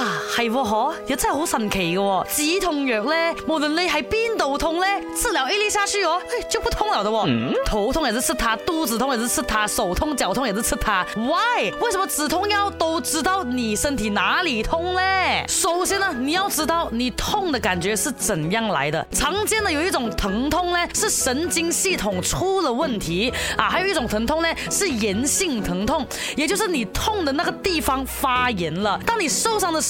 啊，係喎，又真係好神奇嘅、哦，止痛藥呢，無論你喺邊度痛呢，治療一粒下去哦，就不痛了的哦、嗯、頭痛也是吃它，肚子痛也是吃它，手痛腳痛也是吃它，why？為什麼止痛藥都知道你身體哪裏痛呢？首先呢，你要知道你痛的感覺是怎樣來的。常見的有一種疼痛呢，是神經系統出了問題，啊，還有一種疼痛呢，是炎性疼痛，也就是你痛的那個地方發炎了。當你受傷的時候，